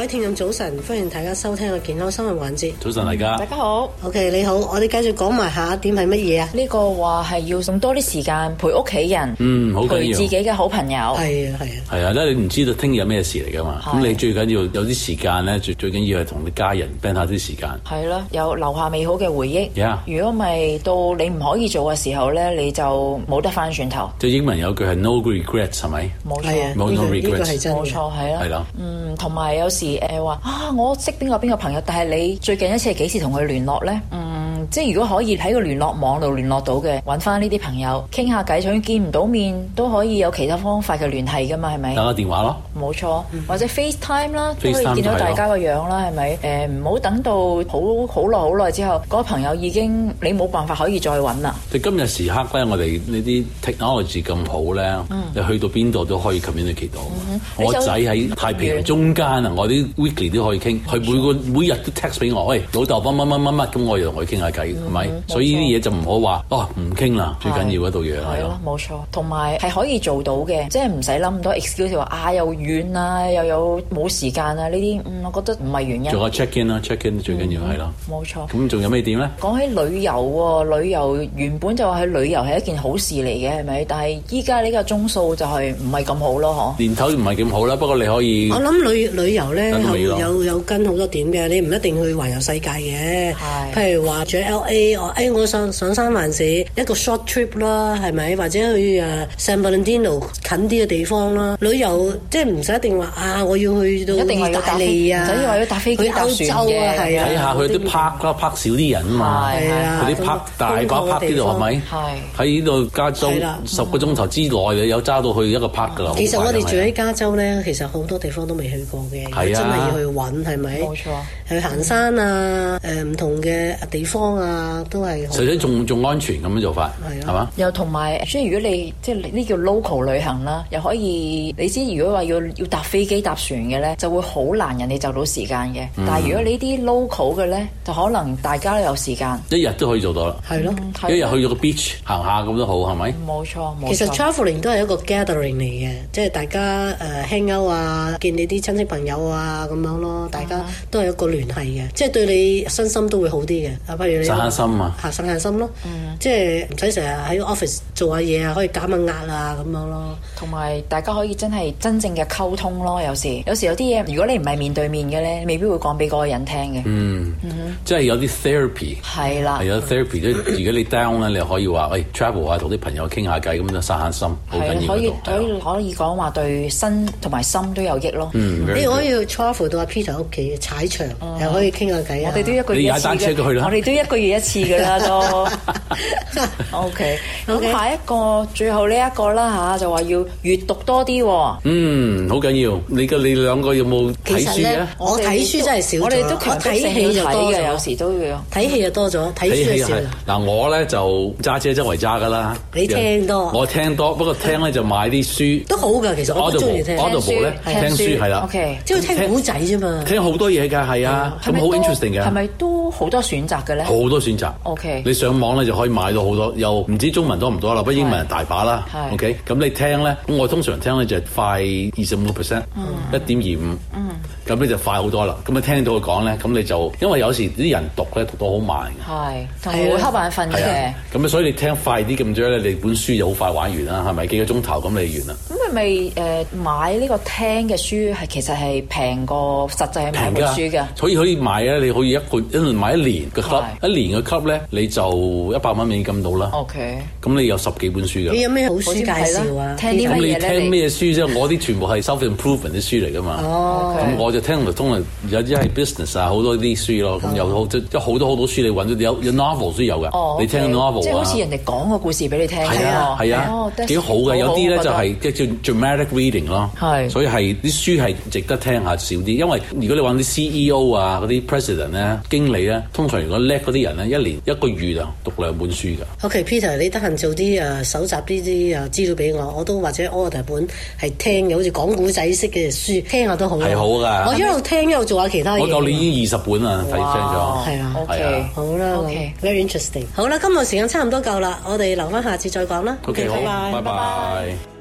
各位聽眾早晨，歡迎大家收聽個健康生活環節。早晨大家，大家好。O.K. 你好，我哋繼續講埋下一點係乜嘢啊？呢個話係要送多啲時間陪屋企人，嗯，好自己嘅好朋友，係啊，係啊，係啊，因為唔知道聽日有咩事嚟噶嘛。咁你最緊要有啲時間咧，最最緊要係同你家人 spend 下啲時間。係咯，有留下美好嘅回憶。如果唔係到你唔可以做嘅時候咧，你就冇得翻轉頭。即係英文有句係 no regrets，係咪？冇錯，冇錯，呢個係真，冇錯係啦，係啦。嗯，同埋有時。誒話啊，我識邊個邊個朋友，但係你最近一次係幾時同佢聯絡咧？嗯。即係如果可以喺個聯絡網度聯絡到嘅，揾翻呢啲朋友傾下偈，就算見唔到面都可以有其他方法嘅聯繫㗎嘛，係咪？打個電話咯，冇錯，嗯、或者 FaceTime 啦，Face Time 都可以見到大家個樣啦，係咪咯？誒，唔、呃、好等到好好耐好耐之後，嗰、那個朋友已經你冇辦法可以再揾啦。即今日時刻咧，我哋呢啲 technology 咁好咧，嗯、你去到邊度都可以 communicate 到。我仔喺太平洋中間啊，要我啲 weekly 都可以傾，佢錯每個每日都 text 俾我，喂、hey, 老豆，乜乜乜乜乜，咁我又同佢傾下偈。係咪？所以呢啲嘢就唔好話哦，唔傾啦。最緊要啊，度嘢係咯，冇錯。同埋係可以做到嘅，即係唔使諗咁多 excuse，話啊又遠啊，又有冇時間啊呢啲。嗯，我覺得唔係原因。做個 check in 啦，check in 最緊要係咯。冇錯。咁仲有咩點咧？講起旅遊，旅遊原本就話去旅遊係一件好事嚟嘅，係咪？但係依家呢個鐘數就係唔係咁好咯，嗬。年頭唔係咁好啦，不過你可以。我諗旅旅遊咧，有有有跟好多點嘅，你唔一定去環遊世界嘅。係。譬如話，著。LA 我上上三藩市一個 short trip 啦，係咪？或者去誒 San Valentino 近啲嘅地方啦。旅遊即係唔使一定話啊！我要去到意大利啊，或者話要搭飛機去歐洲啊，係啊。睇下佢啲 park 啦，park 少啲人啊嘛。係啊，啲 park 大把 park 呢度係咪？喺呢度加州十個鐘頭之內，有揸到去一個 park 㗎。其實我哋住喺加州咧，其實好多地方都未去過嘅。係啊，真係要去揾係咪？冇錯，去行山啊，誒唔同嘅地方。啊，都係，除際仲仲安全咁樣做法，係嘛、啊？吧又同埋，即係如果你即係呢叫 local 旅行啦，又可以，你知如果話要要搭飛機搭船嘅咧，就會好難人哋就到時間嘅。嗯、但係如果你啲 local 嘅咧，就可能大家都有時間，一日都可以做到啦。係咯、啊，啊、一日去咗個 beach 行下咁都好，係咪？冇錯，冇錯。其實 travelling 都係一個 gathering 嚟嘅，即係大家誒、uh, hang out 啊，見你啲親戚朋友啊咁樣咯，啊、大家都係一個聯繫嘅，即係對你身心都會好啲嘅。啊，不如你。散下心啊！嚇，散下心咯，即係唔使成日喺 office 做下嘢啊，可以減下壓啊，咁樣咯。同埋大家可以真係真正嘅溝通咯，有時有時有啲嘢，如果你唔係面對面嘅咧，未必會講俾嗰個人聽嘅。嗯，即係有啲 therapy 係啦，有啲 therapy，即係如果你 down 咧，你可以話：喂 travel 啊，同啲朋友傾下偈咁就散下心，係可以可以可以講話，對身同埋心都有益咯。嗯，你可以 travel 到阿 Peter 屋企踩場，又可以傾下偈啊。我哋都一個你踩單車去啦，我哋都一個。一次噶啦，都 OK。咁下一個，最後呢一個啦吓，就話要閱讀多啲。嗯，好緊要。你嘅你兩個有冇睇書啊？我睇書真係少，我哋都睇戲就多嘅，有時都睇戲就多咗，睇書少。嗱，我咧就揸車周圍揸噶啦。你聽多，我聽多，不過聽咧就買啲書都好噶。其實我都中意聽書，聽書係啦。OK，即係聽古仔啫嘛。聽好多嘢噶，係啊，咁好 interesting 嘅。係咪都好多選擇嘅咧？好多選擇，Okay. 你上網咧就可以買到好多，又唔知中文多唔多啦，不過英文大把啦。是 OK，咁你聽咧，咁我通常聽咧就係快二十五個 percent，一點二五，咁你就快好多啦。咁啊聽到佢講咧，咁你就因為有時啲人讀咧讀到好慢嘅，係係好偷懶瞓嘅。咁啊，所以你聽快啲咁啫咧，你本書就好快玩完啦，係咪幾個鐘頭咁你完啦？Mm. 咪誒買呢個聽嘅書係其實係平過實際係平嘅書嘅，所以可以買啊！你可以一個一買一年嘅級，一年嘅級咧你就一百蚊美金到啦。OK，咁你有十幾本書嘅。你有咩好書介紹啊？聽啲乜嘢咁你聽咩書啫？我啲全部係 self-improvement 啲書嚟㗎嘛。咁我就聽咪通常有啲係 business 啊，好多啲書咯。咁有好多即好多好多書，你揾咗有有 novel 書有㗎。你聽 novel，即係好似人哋講個故事俾你聽。係啊係啊，幾好嘅，有啲咧就係係。dramatic reading 咯，所以係啲書係值得聽下少啲，因為如果你揾啲 CEO 啊，嗰啲 president 咧，經理咧，通常如果叻嗰啲人咧，一年一個月啊讀兩本書㗎。OK，Peter，你得閒做啲誒蒐集呢啲誒資料俾我，我都或者 order 本係聽嘅，好似講古仔式嘅書聽下都好。係好㗎，我一路聽一路做下其他嘢。我夠你已經二十本啦，睇聽咗。係啊，OK，好啦，OK，very interesting。好啦，今日時間差唔多夠啦，我哋留翻下次再講啦。OK，好，拜拜。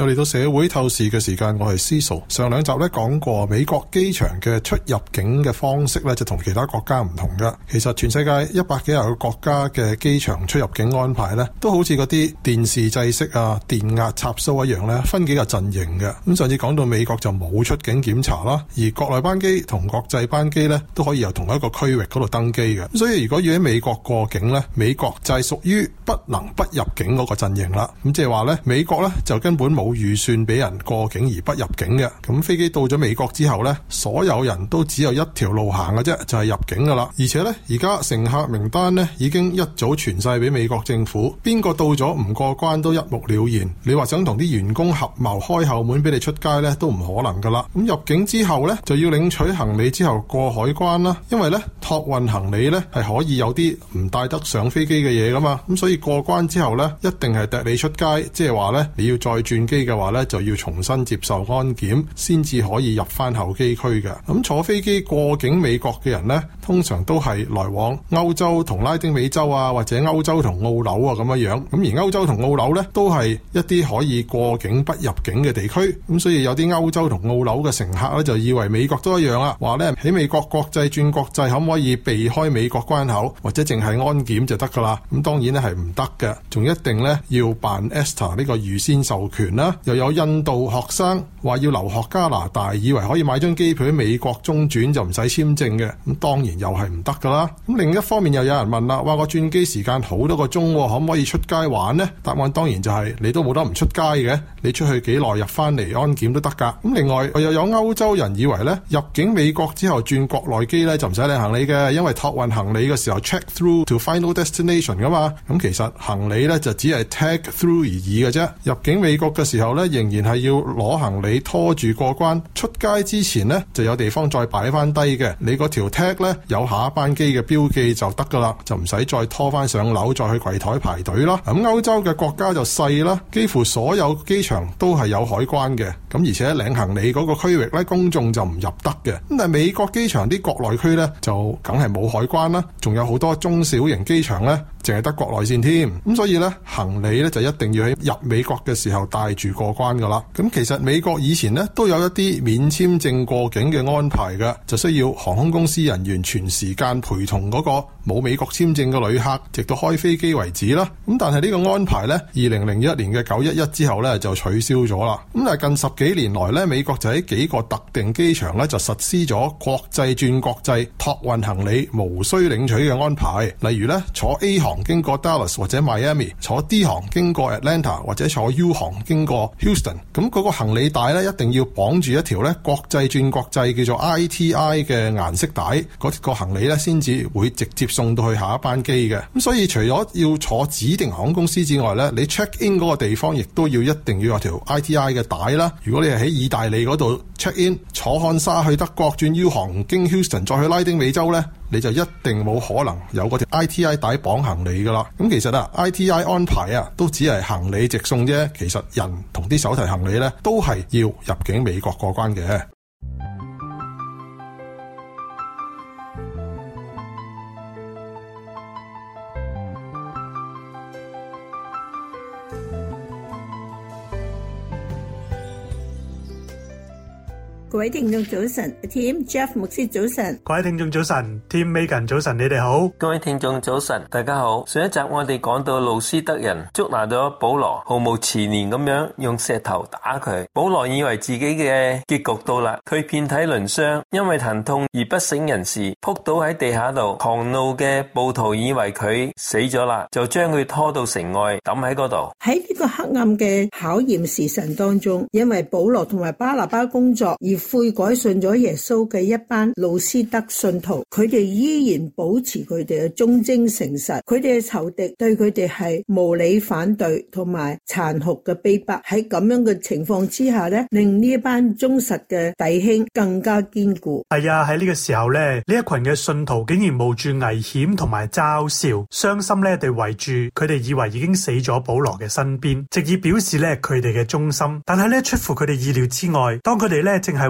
又嚟到社會透視嘅時間，我係思瑤。上兩集咧講過美國機場嘅出入境嘅方式咧，就同其他國家唔同嘅。其實全世界一百幾廿個國家嘅機場出入境安排咧，都好似嗰啲電視制式啊、電壓插蘇一樣咧，分幾個陣營嘅。咁上次講到美國就冇出境檢查啦，而國內班機同國際班機咧都可以由同一個區域嗰度登機嘅。所以如果要喺美國過境咧，美國就係屬於不能不入境嗰個陣營啦。咁即係話咧，美國咧就根本冇。預算俾人過境而不入境嘅。咁飛機到咗美國之後呢，所有人都只有一條路行嘅啫，就係入境噶啦。而且呢，而家乘客名單呢已經一早傳晒俾美國政府，邊個到咗唔過關都一目了然。你話想同啲員工合謀開後門俾你出街呢，都唔可能噶啦。咁入境之後呢，就要領取行李之後過海關啦，因為呢託運行李呢係可以有啲唔帶得上飛機嘅嘢噶嘛。咁所以過關之後呢，一定係趯你出街，即係話呢，你要再轉機。嘅話咧，就要重新接受安檢先至可以入翻候機區嘅。咁坐飛機過境美國嘅人呢？通常都係來往歐洲同拉丁美洲啊，或者歐洲同澳紐啊咁樣。咁而歐洲同澳紐呢，都係一啲可以過境不入境嘅地區。咁、嗯、所以有啲歐洲同澳紐嘅乘客咧，就以為美國都一樣啊，話呢喺美國國際轉國際可唔可以避開美國關口，或者淨係安檢就得㗎啦？咁、嗯、當然呢係唔得嘅，仲一定呢要辦 ESTA 呢個預先授權啦、啊。又有印度學生話要留學加拿大，以為可以買張機票喺美國中轉就唔使簽證嘅。咁、嗯、當然。又係唔得噶啦！咁另一方面又有人問啦，哇個轉機時間好多個鐘，可唔可以出街玩呢？」答案當然就係、是、你都冇得唔出街嘅，你出去幾耐入翻嚟安檢都得噶。咁另外又有歐洲人以為呢入境美國之後轉國內機呢，就唔使拎行李嘅，因為托運行李嘅時候 check through to final destination 噶嘛。咁其實行李呢，就只係 tag through 而已嘅啫。入境美國嘅時候呢，仍然係要攞行李拖住過關，出街之前呢，就有地方再擺翻低嘅，你嗰條 tag 呢。有下一班機嘅標記就得㗎喇，就唔使再拖返上樓再去櫃台排隊啦。咁歐洲嘅國家就細啦，幾乎所有機場都係有海關嘅。咁而且領行李嗰個區域呢，公眾就唔入得嘅。咁但係美國機場啲國內區呢，就梗係冇海關啦，仲有好多中小型機場呢。淨係得國內線添，咁所以咧，行李咧就一定要喺入美國嘅時候帶住過關噶啦。咁其實美國以前咧都有一啲免簽證過境嘅安排嘅，就需要航空公司人員全時間陪同嗰個。冇美國簽證嘅旅客，直到開飛機為止啦。咁但係呢個安排呢，二零零一年嘅九一一之後呢，就取消咗啦。咁但係近十幾年來呢，美國就喺幾個特定機場呢，就實施咗國際轉國際託運行李無需領取嘅安排。例如呢，坐 A 航經過 Dallas 或者 Miami，坐 D 航經過 Atlanta 或者坐 U 航經過 Houston。咁、那、嗰個行李帶呢，一定要綁住一條呢國際轉國際叫做 ITI 嘅顏色帶，嗰、那個行李呢，先至會直接，送到去下一班機嘅，咁所以除咗要坐指定航空公司之外呢，你 check in 嗰個地方亦都要一定要有條 ITI 嘅帶啦。如果你係喺意大利嗰度 check in，坐漢莎去德國轉 U 航經 Houston 再去拉丁美洲呢，你就一定冇可能有嗰條 ITI 帶綁行李噶啦。咁其實啊，ITI 安排啊，都只係行李直送啫。其實人同啲手提行李呢都係要入境美國過關嘅。各位聽眾早晨，Team Jeff 牧師早晨，各位聽眾早晨，Team Megan 早晨，你哋好，各位聽眾早晨，大家好。上一集我哋講到，路斯德人捉拿咗保羅，毫無遲念咁樣用石頭打佢。保羅以為自己嘅結局到啦，佢遍體鱗傷，因為疼痛，而不省人事，撲倒喺地下度。狂怒嘅暴徒以為佢死咗啦，就將佢拖到城外，抌喺嗰度。喺呢個黑暗嘅考驗時辰當中，因為保羅同埋巴拉巴工作而，悔改信咗耶穌嘅一班路斯德信徒，佢哋依然保持佢哋嘅忠貞誠實。佢哋嘅仇敵對佢哋係無理反對同埋殘酷嘅逼迫。喺咁樣嘅情況之下咧，令呢一班忠實嘅弟兄更加堅固。係啊，喺呢個時候咧，呢一群嘅信徒竟然冒住危險同埋嘲笑，傷心咧，地圍住佢哋，以為已經死咗保羅嘅身邊，直以表示咧佢哋嘅忠心。但係咧，出乎佢哋意料之外，當佢哋咧淨係。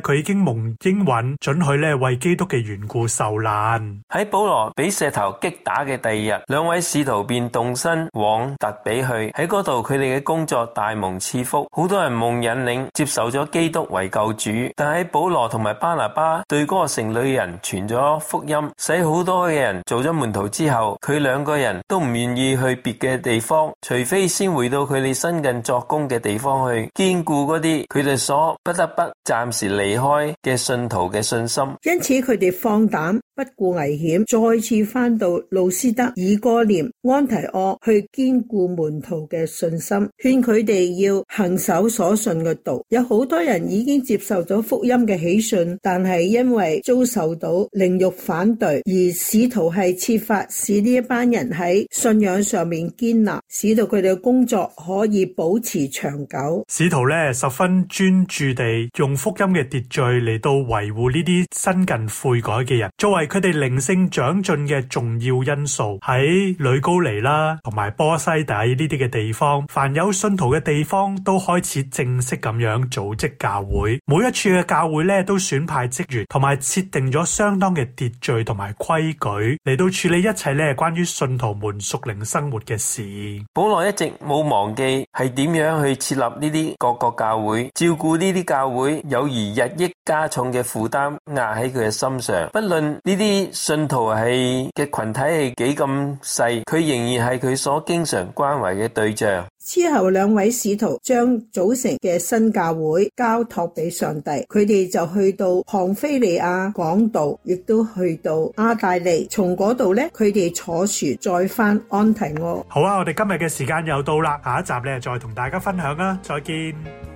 佢已經蒙應允准許咧，為基督嘅緣故受難。喺保羅俾石頭擊打嘅第二日，兩位使徒便動身往特比去。喺嗰度，佢哋嘅工作大蒙賜福，好多人蒙引領接受咗基督為救主。但喺保羅同埋巴拿巴對嗰個城裏人傳咗福音，使好多嘅人做咗門徒之後，佢兩個人都唔願意去別嘅地方，除非先回到佢哋新近作工嘅地方去，堅固嗰啲佢哋所不得不暫時離離開嘅信徒嘅信心，因此佢哋放膽。不顧危險，再次翻到路斯德、以哥念、安提阿去堅固門徒嘅信心，勸佢哋要行守所信嘅道。有好多人已經接受咗福音嘅喜訊，但係因為遭受到凌辱反對，而使徒係設法使呢一班人喺信仰上面堅立，使到佢哋嘅工作可以保持長久。使徒咧十分專注地用福音嘅秩序嚟到維護呢啲新近悔改嘅人，作為。佢哋靈性長進嘅重要因素。喺呂高尼啦，同埋波西底呢啲嘅地方，凡有信徒嘅地方都開始正式咁樣組織教會。每一處嘅教會咧，都選派職員，同埋設定咗相當嘅秩序同埋規矩嚟到處理一切咧關於信徒們屬靈生活嘅事。保羅一直冇忘記係點樣去設立呢啲各個教會，照顧呢啲教會，有如日益加重嘅負擔壓喺佢嘅心上，不論呢，啲信徒係嘅群體係幾咁細，佢仍然係佢所經常關懷嘅對象。之後兩位使徒將組成嘅新教會交託俾上帝，佢哋就去到旁非利亞講道，亦都去到亞大利，從嗰度咧，佢哋坐船再翻安提阿。好啊，我哋今日嘅時間又到啦，下一集咧再同大家分享啦，再見。